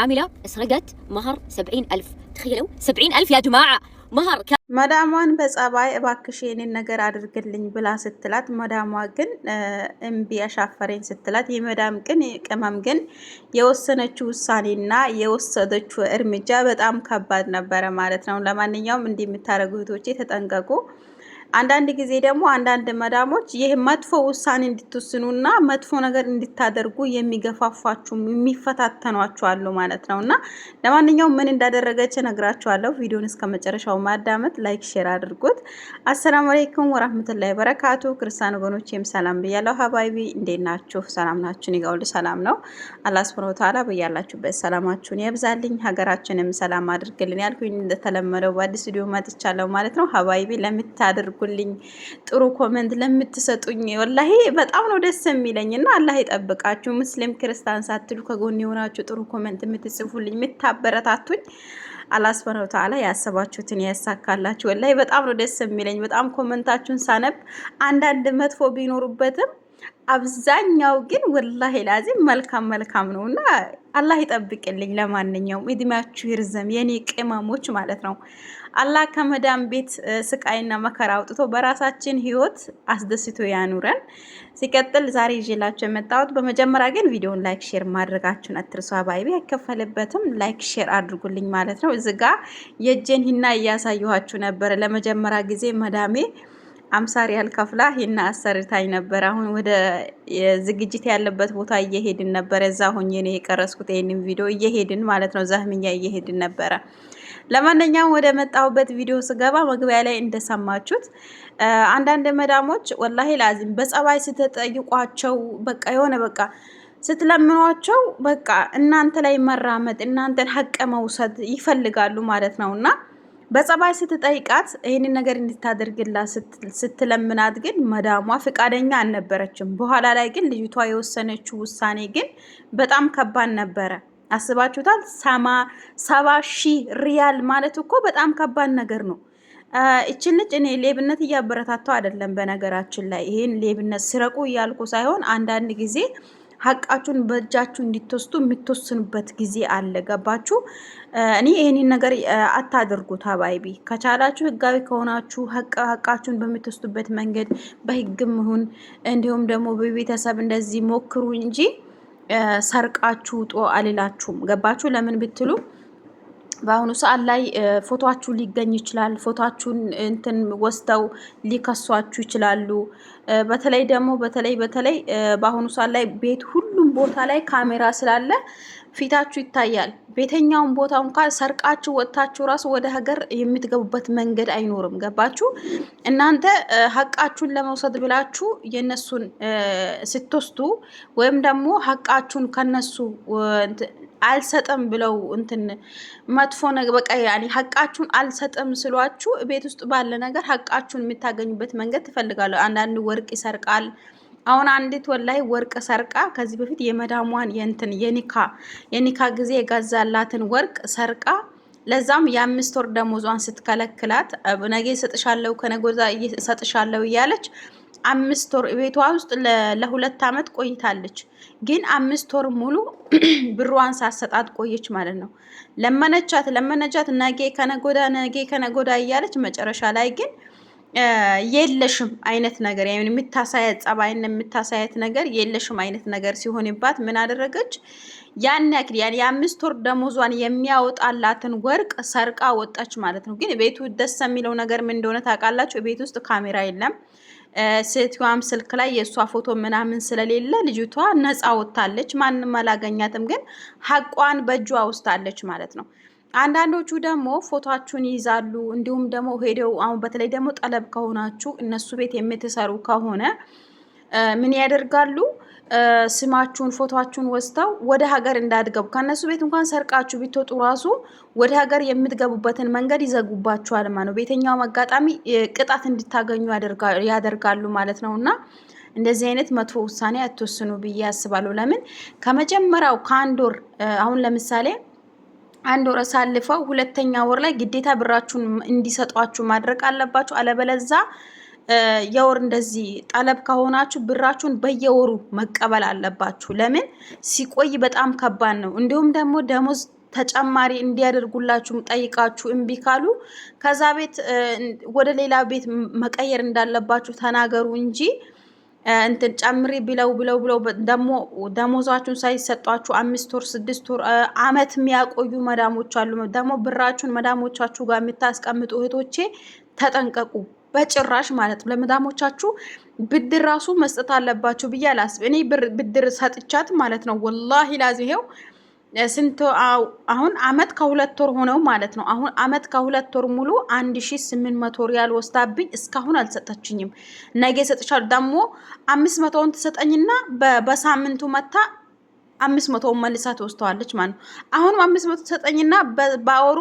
سرقت مهر መሀር ሰብዒን አልፍ ተኸይለው ሰብዒን አልፍ ያ ጅማዓ መሀር መዳሟን በጸባይ እባክሽ የኔን ነገር አድርግልኝ ብላ ስትላት፣ መዳሟ ግን እምቢ አሻፈረኝ ስትላት፣ የመዳም ግን ቅመም ግን የወሰነችው ውሳኔና የወሰደችው እርምጃ በጣም ከባድ ነበረ ማለት ነው። ለማንኛውም እንዲህ የምታደርጉ እህቶቼ ተጠንቀቁ። አንዳንድ ጊዜ ደግሞ አንዳንድ መዳሞች ይህ መጥፎ ውሳኔ እንድትወስኑ እንድትወስኑና መጥፎ ነገር እንድታደርጉ የሚገፋፋችሁ የሚፈታተኗችኋሉ ማለት ነው። እና ለማንኛውም ምን እንዳደረገች ነግራችኋለሁ። ቪዲዮን እስከ መጨረሻው ማዳመጥ፣ ላይክ፣ ሼር አድርጉት። አሰላሙ አለይኩም ወራህመቱላሂ በረካቱ። ክርስቲያን ወገኖቼም ሰላም ብያለሁ። ሀባይቢ እንዴት ናችሁ? ሰላም ናችሁን? ይገውል ሰላም ነው። አላህ ስብሐ ወተዓላ በያላችሁበት ሰላማችሁን ያብዛልኝ፣ ሀገራችንም ሰላም አድርግልን ያልኩኝ እንደተለመደው በአዲስ ቪዲዮ መጥቻለሁ ማለት ነው። ሀባይቢ ለምታደርጉ ለምታደርጉልኝ ጥሩ ኮመንት ለምትሰጡኝ ወላሂ በጣም ነው ደስ የሚለኝ እና አላህ ይጠብቃችሁ። ሙስሊም ክርስቲያን ሳትሉ ከጎን የሆናችሁ ጥሩ ኮመንት የምትጽፉልኝ የምታበረታቱኝ አላህ ሱብሃነሁ ወተዓላ ያሰባችሁትን ያሳካላችሁ። ወላሂ በጣም ነው ደስ የሚለኝ። በጣም ኮመንታችሁን ሳነብ አንዳንድ መጥፎ ቢኖሩበትም አብዛኛው ግን ወላሂ ላዚም መልካም መልካም ነው እና አላህ ይጠብቅልኝ። ለማንኛውም እድሜያችሁ ይርዘም የኔ ቅመሞች ማለት ነው። አላህ ከመዳም ቤት ስቃይና መከራ አውጥቶ በራሳችን ህይወት አስደስቶ ያኑረን። ሲቀጥል ዛሬ ይዤላችሁ የመጣሁት በመጀመሪያ ግን ቪዲዮን ላይክ ሼር ማድረጋችሁን አትርሱ። አባይቤ አይከፈልበትም። ላይክ ሼር አድርጉልኝ ማለት ነው። እዚህ ጋ የእጄን ሂና እያሳየኋችሁ ነበረ ለመጀመሪያ ጊዜ መዳሜ አምሳር ያህል ከፍላ ይህን አሰርታኝ ነበር። አሁን ወደ ዝግጅት ያለበት ቦታ እየሄድን ነበረ። እዛ ሆኜ ነው የቀረስኩት ይህንን ቪዲዮ እየሄድን ማለት ነው። ዛህምኛ እየሄድን ነበረ። ለማንኛውም ወደ መጣሁበት ቪዲዮ ስገባ መግቢያ ላይ እንደሰማችሁት አንዳንድ መዳሞች ወላሂ ላዚም በጸባይ ስትጠይቋቸው በቃ የሆነ በቃ ስትለምኗቸው በቃ እናንተ ላይ መራመድ እናንተን ሀቅ መውሰድ ይፈልጋሉ ማለት ነው እና በጸባይ ስትጠይቃት ይህንን ነገር እንድታደርግላት ስትለምናት ግን መዳሟ ፍቃደኛ አልነበረችም። በኋላ ላይ ግን ልጅቷ የወሰነችው ውሳኔ ግን በጣም ከባድ ነበረ። አስባችሁታል? ሰባ ሺህ ሪያል ማለት እኮ በጣም ከባድ ነገር ነው። እችን ልጅ እኔ ሌብነት እያበረታታው አይደለም። በነገራችን ላይ ይህን ሌብነት ስረቁ እያልኩ ሳይሆን አንዳንድ ጊዜ ሀቃችሁን በእጃችሁ እንዲትወስዱ የምትወስኑበት ጊዜ አለ። ገባችሁ? እኔ ይህንን ነገር አታድርጉ ታባይቢ። ከቻላችሁ ህጋዊ ከሆናችሁ ሀቃችሁን በምትወስዱበት መንገድ በህግም ይሁን እንዲሁም ደግሞ በቤተሰብ እንደዚህ ሞክሩ እንጂ ሰርቃችሁ ጦ አልላችሁም። ገባችሁ? ለምን ብትሉ በአሁኑ ሰዓት ላይ ፎቶችሁ ሊገኝ ይችላል። ፎቶችሁን እንትን ወስተው ሊከሷችሁ ይችላሉ። በተለይ ደግሞ በተለይ በተለይ በአሁኑ ሰዓት ላይ ቤት ሁሉም ቦታ ላይ ካሜራ ስላለ ፊታችሁ ይታያል። ቤተኛውን ቦታ እንኳን ሰርቃችሁ ወጥታችሁ ራሱ ወደ ሀገር የምትገቡበት መንገድ አይኖርም። ገባችሁ? እናንተ ሀቃችሁን ለመውሰድ ብላችሁ የነሱን ስትወስዱ ወይም ደግሞ ሀቃችሁን ከነሱ አልሰጥም ብለው እንትን መጥፎ ነገር በቃ ያኔ ሀቃችሁን አልሰጥም ስሏችሁ ቤት ውስጥ ባለ ነገር ሀቃችሁን የምታገኙበት መንገድ ትፈልጋለሁ። አንዳንድ ወርቅ ይሰርቃል። አሁን አንዲት ወላይ ወርቅ ሰርቃ ከዚህ በፊት የመዳሟን የንትን የኒካ የኒካ ጊዜ የጋዛላትን ወርቅ ሰርቃ ለዛም የአምስት ወር ደሞዟን ስትከለክላት ነገ እሰጥሻለሁ ከነገ ወዲያ እሰጥሻለሁ እያለች አምስት ወር ቤቷ ውስጥ ለሁለት ዓመት ቆይታለች። ግን አምስት ወር ሙሉ ብሯን ሳሰጣት ቆየች ማለት ነው። ለመነቻት ለመነቻት ነጌ ከነጎዳ ነጌ ከነጎዳ እያለች መጨረሻ ላይ ግን የለሽም አይነት ነገር የምታሳያት ጸባይን የምታሳያት ነገር የለሽም አይነት ነገር ሲሆንባት ምን አደረገች? ያን ያክል ያን የአምስት ወር ደሞዟን የሚያወጣላትን ወርቅ ሰርቃ ወጣች ማለት ነው። ግን ቤቱ ደስ የሚለው ነገር ምን እንደሆነ ታውቃላችሁ? ቤት ውስጥ ካሜራ የለም። ሴትዮዋም ስልክ ላይ የእሷ ፎቶ ምናምን ስለሌለ ልጅቷ ነፃ ወጥታለች። ማንም አላገኛትም። ግን ሀቋን በእጇ ውስጣለች ማለት ነው። አንዳንዶቹ ደግሞ ፎቶችሁን ይይዛሉ። እንዲሁም ደግሞ ሄደው አሁን በተለይ ደግሞ ጠለብ ከሆናችሁ እነሱ ቤት የምትሰሩ ከሆነ ምን ያደርጋሉ? ስማችሁን ፎቶችሁን ወስተው ወደ ሀገር እንዳትገቡ ከእነሱ ቤት እንኳን ሰርቃችሁ ቢትወጡ ራሱ ወደ ሀገር የምትገቡበትን መንገድ ይዘጉባችኋል ማለት ነው። ቤተኛውም አጋጣሚ ቅጣት እንድታገኙ ያደርጋሉ ማለት ነው እና እንደዚህ አይነት መጥፎ ውሳኔ አትወስኑ ብዬ አስባለሁ። ለምን ከመጀመሪያው ከአንድ ወር አሁን ለምሳሌ አንድ ወር አሳልፈው ሁለተኛ ወር ላይ ግዴታ ብራችሁን እንዲሰጧችሁ ማድረግ አለባችሁ አለበለዛ የወር እንደዚህ ጠለብ ከሆናችሁ ብራችሁን በየወሩ መቀበል አለባችሁ። ለምን ሲቆይ በጣም ከባድ ነው። እንዲሁም ደግሞ ደሞዝ ተጨማሪ እንዲያደርጉላችሁም ጠይቃችሁ እምቢ ካሉ ከዛ ቤት ወደ ሌላ ቤት መቀየር እንዳለባችሁ ተናገሩ እንጂ እንትን ጨምሪ ብለው ብለው ብለው ደግሞ ደሞዛችሁን ሳይሰጧችሁ አምስት ወር ስድስት ወር አመት የሚያቆዩ መዳሞች አሉ። ደግሞ ብራችሁን መዳሞቻችሁ ጋር የምታስቀምጡ እህቶቼ ተጠንቀቁ። በጭራሽ ማለት ነው። ለመዳሞቻችሁ ብድር ራሱ መስጠት አለባችሁ ብዬ አላስብ። እኔ ብድር ሰጥቻት ማለት ነው ወላሂ ላዚ ይሄው ስንት አሁን አመት ከሁለት ወር ሆነው ማለት ነው። አሁን አመት ከሁለት ወር ሙሉ አንድ ሺ ስምንት መቶ ሪያል ወስዳብኝ እስካሁን አልሰጠችኝም። ነገ ሰጥሻል ደግሞ አምስት መቶውን ትሰጠኝና በሳምንቱ መታ አምስት መቶ መልሳ ትወስተዋለች ማለት ነው። አሁንም አምስት መቶ ሰጠኝና በአወሩ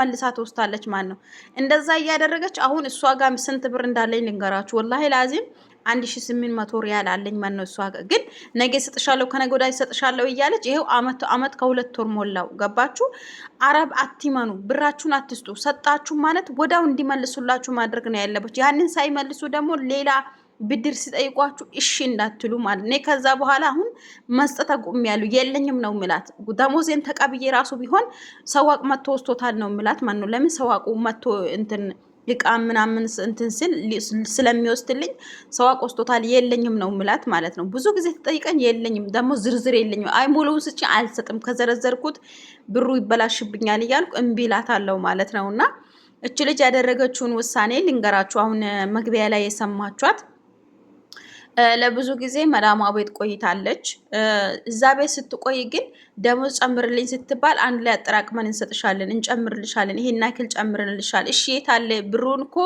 መልሳ ትወስታለች ማለት ነው። እንደዛ እያደረገች አሁን እሷ ጋር ስንት ብር እንዳለኝ ልንገራችሁ። ወላሂ ላዚም አንድ ሺ ስምንት መቶ ሪያል አለኝ ማለት ነው። እሷ ጋር ግን ነገ ይሰጥሻለሁ ከነገ ወዲያ ይሰጥሻለሁ እያለች ይሄው አመት አመት ከሁለት ወር ሞላው። ገባችሁ? አረብ አትመኑ፣ ብራችሁን አትስጡ። ሰጣችሁ ማለት ወዳው እንዲመልሱላችሁ ማድረግ ነው ያለበች። ያንን ሳይመልሱ ደግሞ ሌላ ብድር ሲጠይቋችሁ እሺ እንዳትሉ ማለት ነው። ከዛ በኋላ አሁን መስጠት አቁም ያሉ የለኝም ነው ምላት። ደሞዜን ተቀብዬ ራሱ ቢሆን ሰዋቅ መጥቶ ወስቶታል ነው ምላት ማን ነው። ለምን ሰዋቁ መጥቶ እንትን እቃ ምናምን እንትን ስል ስለሚወስድልኝ ሰዋቅ ወስቶታል የለኝም ነው ምላት ማለት ነው። ብዙ ጊዜ ተጠይቀን የለኝም ደግሞ ዝርዝር የለኝም አይ ሙሉውን ስጪ አልሰጥም ከዘረዘርኩት ብሩ ይበላሽብኛል እያልኩ እምቢ እላታለሁ ማለት ነው። እና እች ልጅ ያደረገችውን ውሳኔ ልንገራችሁ አሁን መግቢያ ላይ የሰማችኋት ለብዙ ጊዜ መዳሟ ቤት ቆይታለች። እዛ ቤት ስትቆይ ግን ደሞዝ ጨምርልኝ ስትባል አንድ ላይ አጠራቅመን እንሰጥሻለን፣ እንጨምርልሻለን፣ ይሄን ያክል ጨምርልሻል። እሺ አለ ብሩን እኮ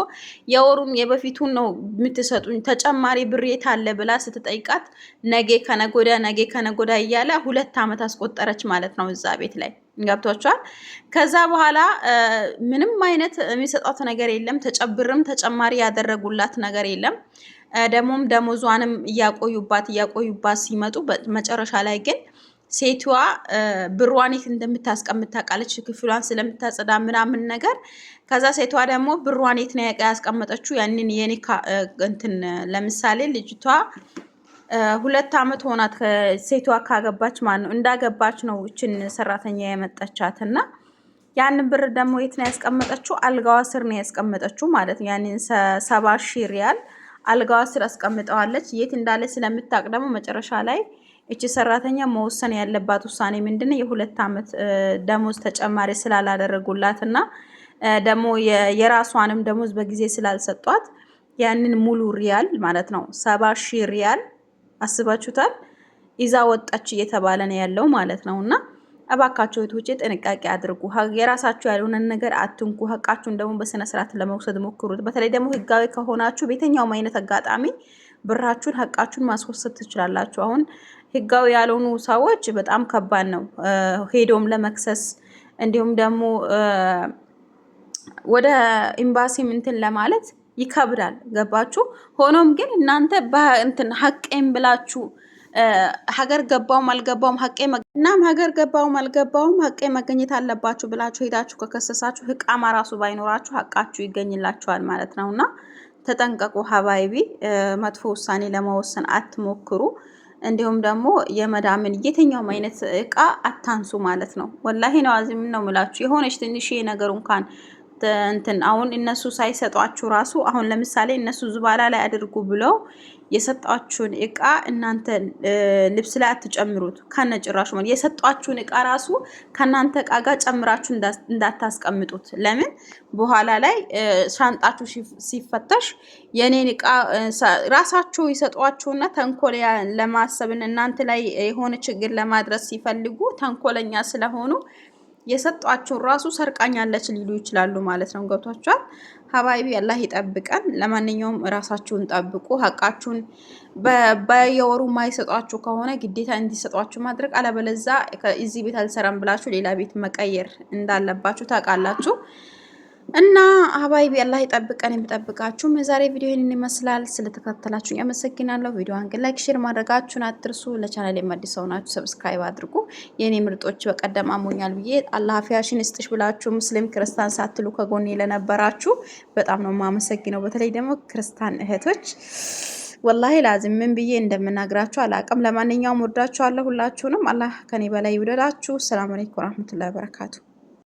የወሩም የበፊቱን ነው የምትሰጡኝ፣ ተጨማሪ ብር አለ ብላ ስትጠይቃት ነጌ ከነጎዳ ነጌ ከነጎዳ እያለ ሁለት ዓመት አስቆጠረች ማለት ነው እዛ ቤት ላይ ገብቷቸዋል። ከዛ በኋላ ምንም አይነት የሚሰጣት ነገር የለም። ተጨብርም ተጨማሪ ያደረጉላት ነገር የለም። ደግሞም ደሞዟንም እያቆዩባት እያቆዩባት ሲመጡ መጨረሻ ላይ ግን ሴቷ ብሯን የት እንደምታስቀምጥ ታውቃለች፣ ክፍሏን ስለምታጸዳ ምናምን ነገር። ከዛ ሴቷ ደግሞ ብሯን የት ነው ያስቀመጠችው? ያንን የኔ እንትን ለምሳሌ ልጅቷ ሁለት አመት ሆናት ሴቷ ካገባች ማለት ነው። እንዳገባች ነው እችን ሰራተኛ የመጣቻት እና ያንን ብር ደግሞ የት ነው ያስቀመጠችው? አልጋዋ ስር ነው ያስቀመጠችው ማለት ነው። ያንን ሰባ ሺህ ሪያል አልጋዋ ስር አስቀምጠዋለች። የት እንዳለ ስለምታውቅ ደግሞ መጨረሻ ላይ እቺ ሰራተኛ መወሰን ያለባት ውሳኔ ምንድን ነው? የሁለት ዓመት ደሞዝ ተጨማሪ ስላላደረጉላት እና ደግሞ የራሷንም ደሞዝ በጊዜ ስላልሰጧት ያንን ሙሉ ሪያል ማለት ነው ሰባ ሺህ ሪያል አስባችሁታል ይዛ ወጣች እየተባለ ነው ያለው ማለት ነው እና እባካችሁ እህቶቼ ጥንቃቄ አድርጉ። የራሳችሁ ያልሆነን ነገር አትንኩ። ሀቃችሁን ደግሞ በስነ ስርዓት ለመውሰድ ሞክሩት። በተለይ ደግሞ ህጋዊ ከሆናችሁ በየትኛውም አይነት አጋጣሚ ብራችሁን ሀቃችሁን ማስወሰድ ትችላላችሁ። አሁን ህጋዊ ያልሆኑ ሰዎች በጣም ከባድ ነው ሄዶም ለመክሰስ እንዲሁም ደግሞ ወደ ኤምባሲም እንትን ለማለት ይከብዳል። ገባችሁ? ሆኖም ግን እናንተ በእንትን ሀቅም ብላችሁ ሀገር ገባውም አልገባውም ሀቄ እናም ሀገር ገባውም አልገባውም ሀቄ መገኘት አለባችሁ ብላችሁ ሄዳችሁ ከከሰሳችሁ ህቃማ ራሱ ባይኖራችሁ ሀቃችሁ ይገኝላችኋል ማለት ነው እና ተጠንቀቁ ሀባይቢ መጥፎ ውሳኔ ለመወሰን አትሞክሩ እንዲሁም ደግሞ የመዳምን የትኛውም አይነት እቃ አታንሱ ማለት ነው ወላሂ ነው አዚም ነው ምላችሁ የሆነች ትንሽ ነገር እንኳን እንትን አሁን እነሱ ሳይሰጧችሁ ራሱ አሁን ለምሳሌ እነሱ ዙባላ ላይ አድርጉ ብለው የሰጧችሁን እቃ እናንተ ልብስ ላይ አትጨምሩት ከነ ጭራሹ ማለት የሰጧችሁን እቃ ራሱ ከእናንተ እቃ ጋር ጨምራችሁ እንዳታስቀምጡት። ለምን በኋላ ላይ ሻንጣችሁ ሲፈተሽ የኔን እቃ ራሳችሁ ይሰጧችሁና ተንኮል ለማሰብን እናንተ ላይ የሆነ ችግር ለማድረስ ሲፈልጉ ተንኮለኛ ስለሆኑ የሰጧቸው ራሱ ሰርቃኝ አለች ሊሉ ይችላሉ ማለት ነው። ገብቷችኋል? ሀባይቢ አላህ ይጠብቀን። ለማንኛውም ራሳችሁን ጠብቁ። ሀቃችሁን በየወሩ የማይሰጧችሁ ከሆነ ግዴታ እንዲሰጧችሁ ማድረግ፣ አለበለዛ እዚህ ቤት አልሰራም ብላችሁ ሌላ ቤት መቀየር እንዳለባችሁ ታውቃላችሁ። እና ሀባይቢ አላህ ይጠብቀን፣ የሚጠብቃችሁም። የዛሬ ቪዲዮ ይህንን ይመስላል። ስለተከታተላችሁ አመሰግናለሁ። ቪዲዮን ግን ላይክ፣ ሼር ማድረጋችሁን አትርሱ። ለቻናል የማዲስ ሰው ናችሁ ሰብስክራይብ አድርጉ። የእኔ ምርጦች በቀደም አሞኛል ብዬ አላህ አፍያሽን እስጥሽ ብላችሁ ሙስሊም ክርስቲያን ሳትሉ ከጎኔ ለነበራችሁ በጣም ነው የማመሰግነው። በተለይ ደግሞ ክርስቲያን እህቶች ወላሂ ላዚም ምን ብዬ እንደምናግራችሁ አላቅም። ለማንኛውም ወዳችኋለሁ ሁላችሁንም። አላህ ከኔ በላይ ይውደዳችሁ። ሰላም አለይኩም ወራህመቱላሂ ወበረካቱ።